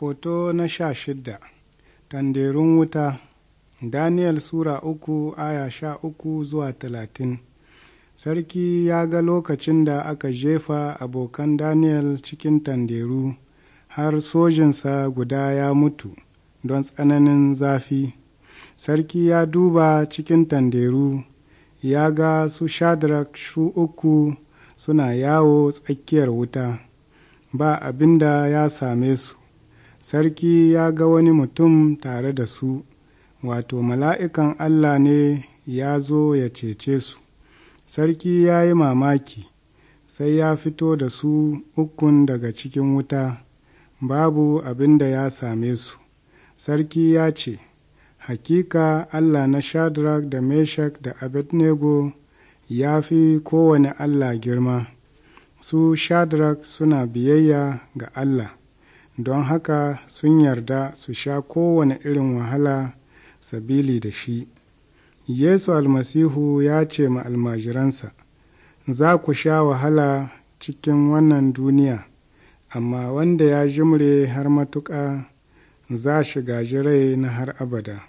Foto na sha shidda Tanderun wuta Daniel Sura uku aya sha uku zuwa talatin Sarki ya ga lokacin da aka jefa abokan Daniel cikin tanderu har sojinsa guda ya mutu don tsananin zafi. Sarki ya duba cikin tanderu ya ga su Shadrach su uku suna yawo tsakiyar wuta ba abinda ya same su. sarki ya ga wani mutum tare da su wato mala'ikan Allah ne ya zo ya cece su sarki ya yi mamaki sai ya fito da su ukun daga cikin wuta babu abin da ya same su sarki ya ce hakika Allah na Shadrach da Meshach da Abednego ya fi kowane Allah girma su Shadrach suna biyayya ga Allah don haka sun yarda su sha kowane irin wahala sabili da shi yesu almasihu ya ce ma almajiransa za ku sha wahala cikin wannan duniya amma wanda ya jimre har matuƙa za shi gaji rai na har abada